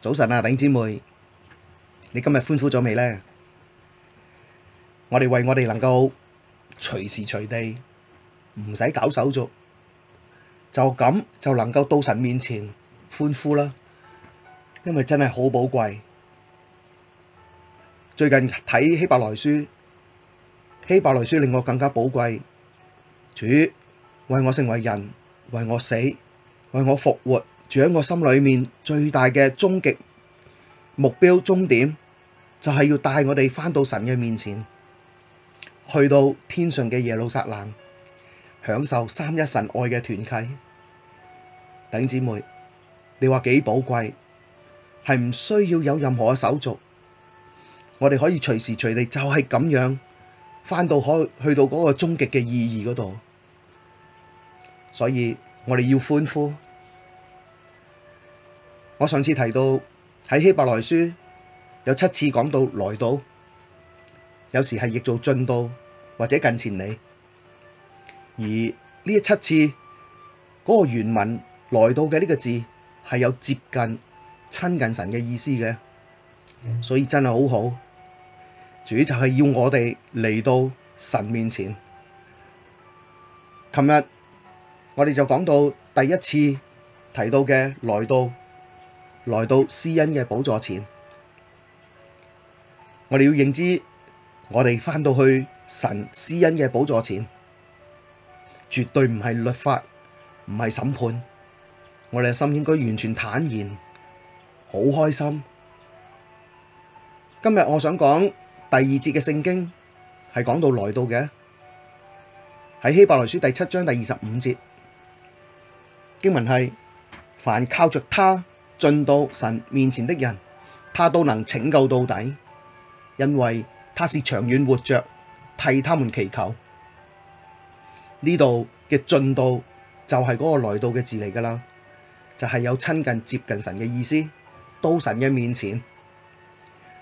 早晨啊，頂姊妹，你今日歡呼咗未呢？我哋為我哋能夠隨時隨地唔使搞手續，就咁就能夠到神面前歡呼啦。因為真係好寶貴。最近睇希伯來書，希伯來書令我更加寶貴。主為我成為人，為我死，為我復活。住喺我心裏面最大嘅終極目標終點，就係要帶我哋返到神嘅面前，去到天上嘅耶路撒冷，享受三一神愛嘅團契。弟兄姊妹，你話幾寶貴，係唔需要有任何嘅手續，我哋可以隨時隨地就係咁樣返到去去到嗰個終極嘅意義嗰度。所以我哋要歡呼。我上次提到喺希伯來書有七次講到來到，有時係譯做進到或者近前嚟，而呢七次嗰個原文來到嘅呢個字係有接近親近神嘅意思嘅，所以真係好好，主就係要我哋嚟到神面前。琴日我哋就講到第一次提到嘅來到。來到施恩嘅寶座前，我哋要認知，我哋翻到去神施恩嘅寶座前，絕對唔係律法，唔係審判，我哋嘅心應該完全坦然，好開心。今日我想講第二節嘅聖經，係講到來到嘅，喺希伯來書第七章第二十五節，經文係凡靠着祂進到神面前的人，他都能拯救到底，因為他是長遠活着，替他們祈求。呢度嘅進到就係嗰個來到嘅字嚟噶啦，就係、是、有親近接近神嘅意思，到神嘅面前。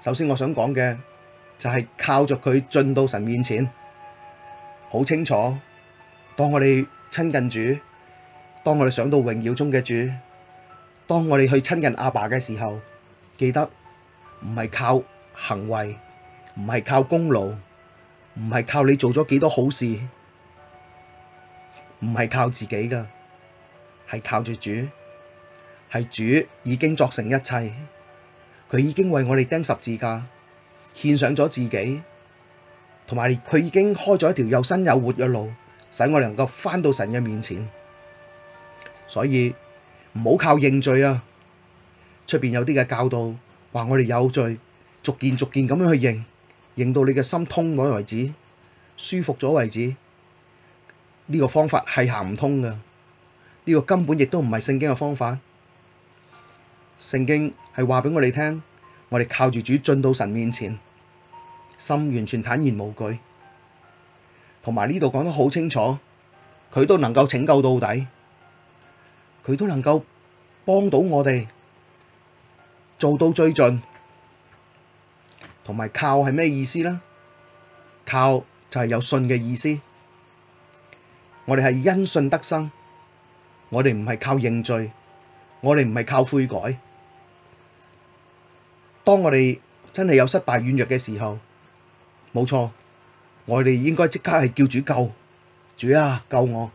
首先我想講嘅就係、是、靠着佢進到神面前，好清楚。當我哋親近主，當我哋想到榮耀中嘅主。當我哋去親近阿爸嘅時候，記得唔係靠行為，唔係靠功勞，唔係靠你做咗幾多好事，唔係靠自己噶，係靠住主，係主已經作成一切，佢已經為我哋釘十字架，獻上咗自己，同埋佢已經開咗一條又新又活嘅路，使我哋能夠翻到神嘅面前，所以。唔好靠認罪啊！出邊有啲嘅教導話我哋有罪，逐件逐件咁樣去認，認到你嘅心通咗為止，舒服咗為止，呢個方法係行唔通噶。呢個根本亦都唔係聖經嘅方法。聖經係話俾我哋聽，我哋靠住主進到神面前，心完全坦然無懼，同埋呢度講得好清楚，佢都能夠拯救到底。佢都能夠幫到我哋做到最盡，同埋靠係咩意思呢？靠就係有信嘅意思。我哋係因信得生，我哋唔係靠認罪，我哋唔係靠悔改。當我哋真係有失敗軟弱嘅時候，冇錯，我哋應該即刻係叫主救，主啊，救我！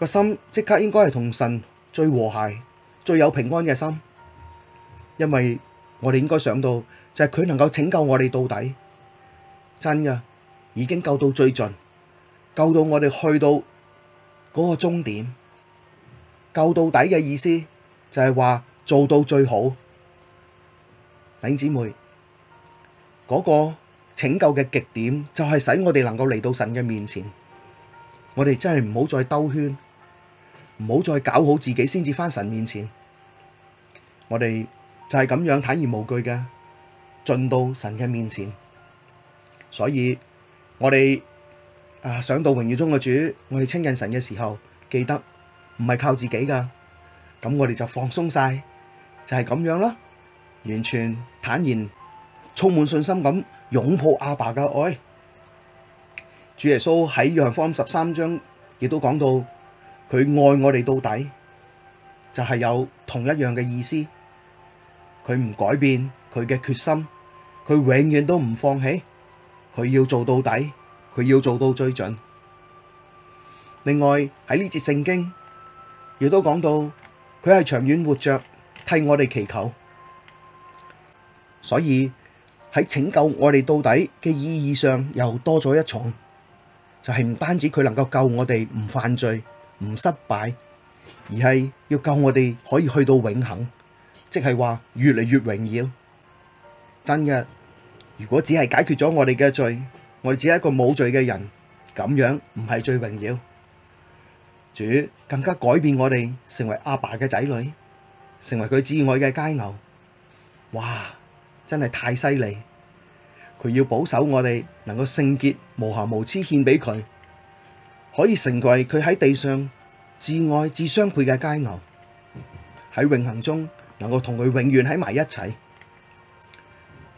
個心即刻應該係同神最和諧、最有平安嘅心，因為我哋應該想到就係佢能夠拯救我哋到底，真㗎，已經救到最盡，救到我哋去到嗰個終點，救到底嘅意思就係話做到最好。弟兄姊妹，嗰個拯救嘅極點就係使我哋能夠嚟到神嘅面前，我哋真係唔好再兜圈。唔好再搞好自己先至返神面前。我哋就係咁樣坦然無懼嘅，進到神嘅面前。所以我哋啊，想到榮耀中嘅主，我哋親近神嘅時候，記得唔係靠自己噶。咁我哋就放鬆晒，就係咁樣啦。完全坦然，充滿信心咁擁抱阿爸嘅愛。主耶穌喺約翰福音十三章亦都講到。佢愛我哋到底，就係有同一樣嘅意思。佢唔改變佢嘅決心，佢永遠都唔放棄，佢要做到底，佢要做到最盡。另外喺呢節聖經亦都講到，佢係長遠活着替我哋祈求，所以喺拯救我哋到底嘅意義上又多咗一重，就係唔單止佢能夠救我哋唔犯罪。唔失敗，而係要救我哋可以去到永恆，即係話越嚟越榮耀。真嘅，如果只係解決咗我哋嘅罪，我哋只係一個冇罪嘅人，咁樣唔係最榮耀。主更加改變我哋成為阿爸嘅仔女，成為佢至愛嘅佳牛。哇，真係太犀利！佢要保守我哋，能夠聖潔、無瑕無疵獻俾佢。可以成為佢喺地上至愛至相配嘅佳偶，喺永恒中能夠同佢永遠喺埋一齊。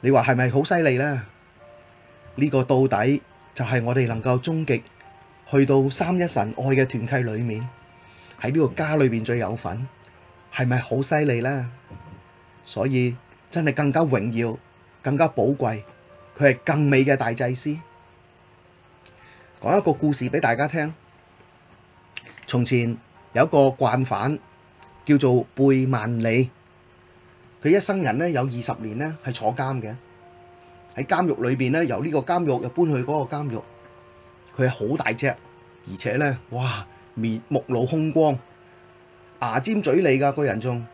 你話係咪好犀利呢？呢、這個到底就係我哋能夠終極去到三一神愛嘅團契裏面，喺呢個家裏面最有份，係咪好犀利呢？所以真係更加榮耀、更加寶貴，佢係更美嘅大祭司。講一個故事俾大家聽。從前有一個慣犯叫做貝萬里，佢一生人咧有二十年咧係坐監嘅。喺監獄裏邊咧，由呢個監獄又搬去嗰個監獄，佢係好大隻，而且咧，哇面目露凶光，牙尖嘴利噶，個人仲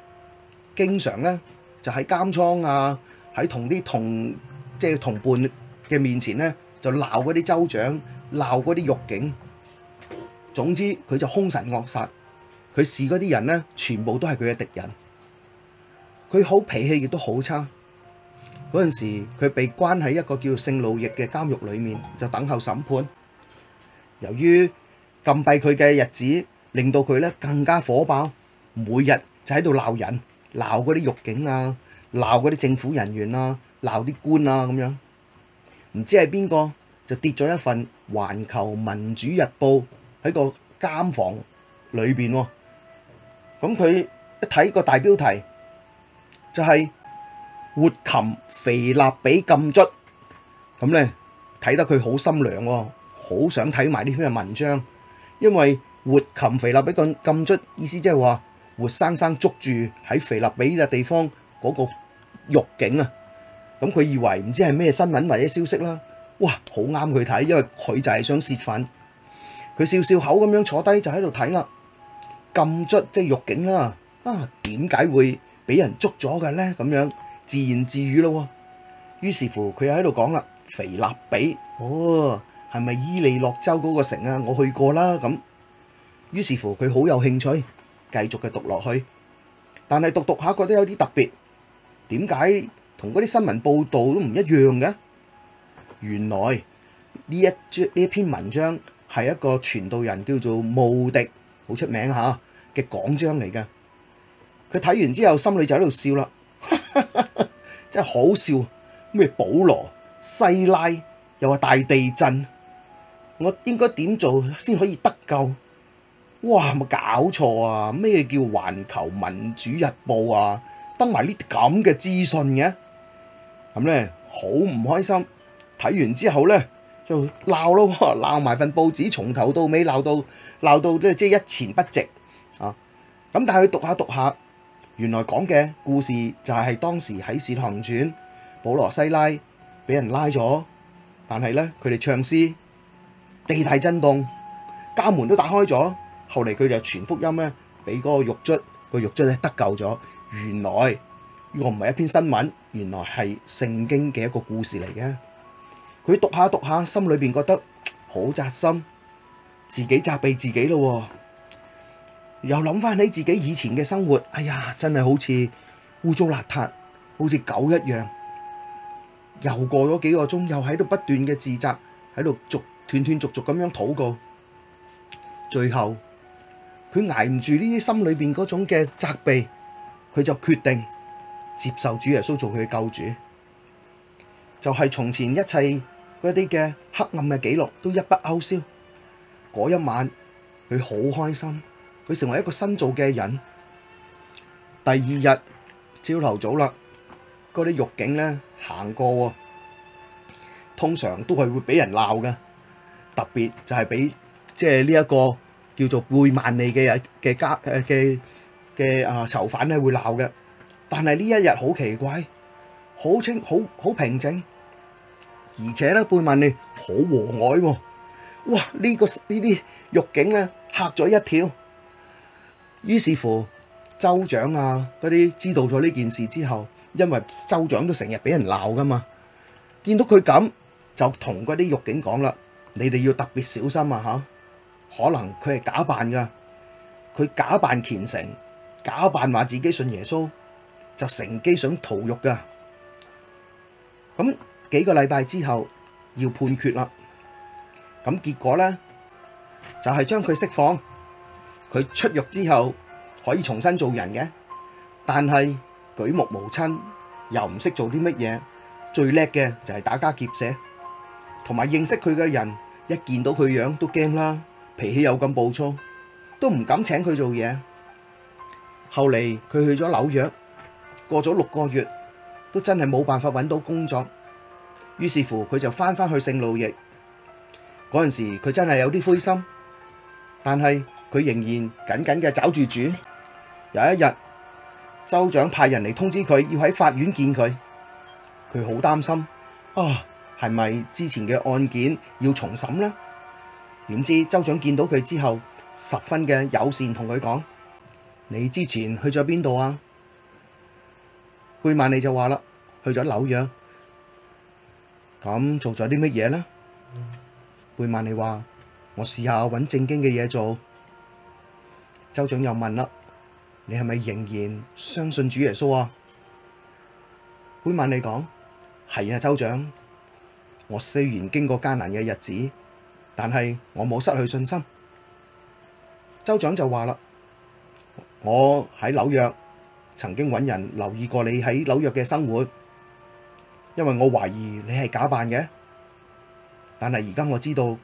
經常咧就喺監倉啊，喺同啲同即係同伴嘅面前咧。就鬧嗰啲州長，鬧嗰啲獄警，總之佢就兇神惡煞。佢視嗰啲人呢，全部都係佢嘅敵人。佢好脾氣，亦都好差。嗰陣時佢被關喺一個叫聖路易嘅監獄裏面，就等候審判。由於禁閉佢嘅日子，令到佢咧更加火爆，每日就喺度鬧人，鬧嗰啲獄警啊，鬧嗰啲政府人員啊，鬧啲官啊咁樣。唔知係邊個就跌咗一份《環球民主日報》喺個監房裏邊，咁佢一睇個大標題，就係活擒腓立比禁卒。咁咧睇得佢好心涼，好想睇埋呢篇文章，因為活擒腓立比禁禁卒，意思即係話活生生捉住喺腓立比嘅地方嗰個獄警啊！咁佢以為唔知係咩新聞或者消息啦，哇，好啱佢睇，因為佢就係想泄憤。佢笑笑口咁樣坐低就喺度睇啦，咁卒即係獄警啦，啊，點解會俾人捉咗嘅咧？咁樣自言自語咯喎。於是乎佢又喺度講啦，腓立比，哦，係咪伊利諾州嗰個城啊？我去過啦咁。於是乎佢好有興趣繼續嘅讀落去，但係讀讀下覺得有啲特別，點解？同嗰啲新聞報導都唔一樣嘅，原來呢一呢一篇文章係一個傳道人叫做穆迪，好出名吓嘅講章嚟嘅。佢睇完之後，心裏就喺度笑啦，真係好笑。咩保羅、西拉，又話大地震，我應該點做先可以得救？哇！咪搞錯啊！咩叫《環球民主日報》啊？登埋呢啲咁嘅資訊嘅？咁咧好唔開心，睇完之後咧就鬧咯，鬧埋份報紙，從頭到尾鬧到鬧到即即一錢不值啊！咁但係佢讀下讀下，原來講嘅故事就係係當時喺使徒行傳，保羅、西拉俾人拉咗，但係咧佢哋唱詩，地大震動，家門都打開咗，後嚟佢就傳福音咧，俾嗰個獄卒、嗰個獄卒咧得救咗，原來。我唔係一篇新聞，原來係聖經嘅一個故事嚟嘅。佢讀下讀下，心裏邊覺得好扎心，自己責備自己咯。又諗翻起自己以前嘅生活，哎呀，真係好似污糟邋遢，好似狗一樣。又過咗幾個鐘，又喺度不斷嘅自責，喺度續斷斷續，續續咁樣禱告。最後，佢挨唔住呢啲心裏邊嗰種嘅責備，佢就決定。接受主耶穌做佢嘅救主，就係從前一切嗰啲嘅黑暗嘅記錄都一筆勾銷。嗰一晚佢好開心，佢成為一個新造嘅人。第二日朝頭早啦，嗰啲獄警咧行過，通常都係會俾人鬧嘅，特別就係俾即係呢一個叫做貝萬利嘅嘅家誒嘅嘅啊囚犯咧會鬧嘅。但係呢一日好奇怪，好清好好平靜，而且咧背問你好和藹、啊，哇！這個、呢個呢啲獄警咧嚇咗一跳。於是乎，州長啊嗰啲知道咗呢件事之後，因為州長都成日俾人鬧噶嘛，見到佢咁就同嗰啲獄警講啦：你哋要特別小心啊！吓，可能佢係假扮噶，佢假扮虔誠，假扮話自己信耶穌。就乘機想逃獄㗎。咁幾個禮拜之後要判決喇，咁結果呢就係將佢釋放，佢出獄之後可以重新做人嘅，但係舉目無親，又唔識做啲乜嘢，最叻嘅就係打家劫舍。同埋認識佢嘅人一見到佢樣都驚啦，脾氣又咁暴躁，都唔敢請佢做嘢。後來佢去咗紐約，過咗六個月，都真係冇辦法揾到工作，於是乎佢就翻返去聖路易。嗰陣時佢真係有啲灰心，但係佢仍然緊緊嘅找住主。有一日，州長派人嚟通知佢要喺法院見佢，佢好擔心啊，係咪之前嘅案件要重審呢？點知州長見到佢之後，十分嘅友善同佢講：你之前去咗邊度啊？貝曼你就話啦，去咗紐約，咁做咗啲乜嘢呢？貝曼你話，我試下搵正經嘅嘢做。州長又問啦，你係咪仍然相信主耶穌啊？貝曼你講，係啊，州長，我雖然經過艱難嘅日子，但係我冇失去信心。州長就話啦，我喺紐約，曾經揾人留意過你喺紐約嘅生活，因為我懷疑你係假扮嘅。但係而家我知道，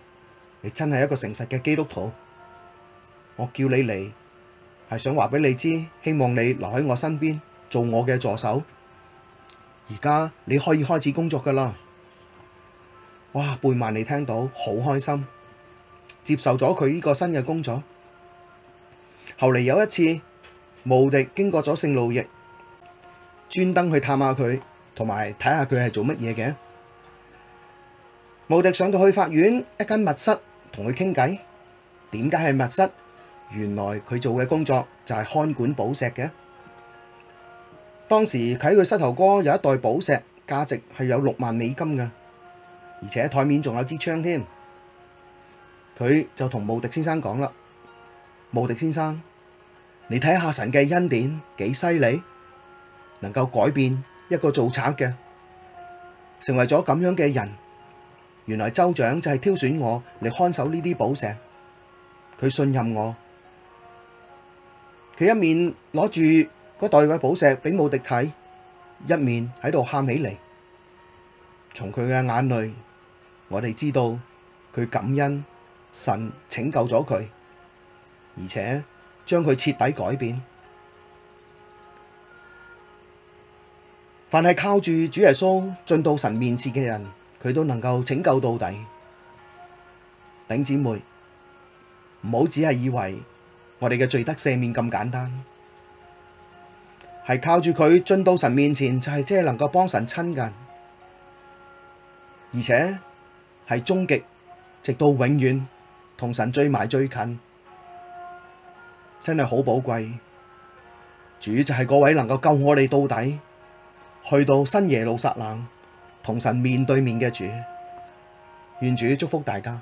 你真係一個誠實嘅基督徒。我叫你嚟，係想話俾你知，希望你留喺我身邊做我嘅助手。而家你可以開始工作噶啦。哇，貝曼你聽到好開心，接受咗佢呢個新嘅工作。後嚟有一次。穆迪經過咗聖路易，專登去探下佢，同埋睇下佢係做乜嘢嘅。穆迪上到去法院一間密室，同佢傾偈。點解係密室？原來佢做嘅工作就係看管寶石嘅。當時喺佢膝頭哥有一袋寶石，價值係有六萬美金嘅，而且台面仲有支槍添。佢就同穆迪先生講啦，穆迪先生。你睇下神嘅恩典幾犀利，能夠改變一個做賊嘅，成為咗咁樣嘅人。原來州長就係挑選我嚟看守呢啲寶石，佢信任我。佢一面攞住個袋嘅寶石俾無敵睇，一面喺度喊起嚟。從佢嘅眼淚，我哋知道佢感恩神拯救咗佢，而且。，將佢徹底改變。凡係靠住主耶穌進到神面前嘅人，佢都能夠拯救到底。頂姊妹，唔好只係以為我哋嘅罪得赦免咁簡單。係靠住佢進到神面前，就係即係能夠幫神親近，而且係終極，直到永遠同神最埋最近。真係好寶貴，主就係嗰位能夠救我哋到底，去到新耶路撒冷，同神面對面嘅主，願主祝福大家。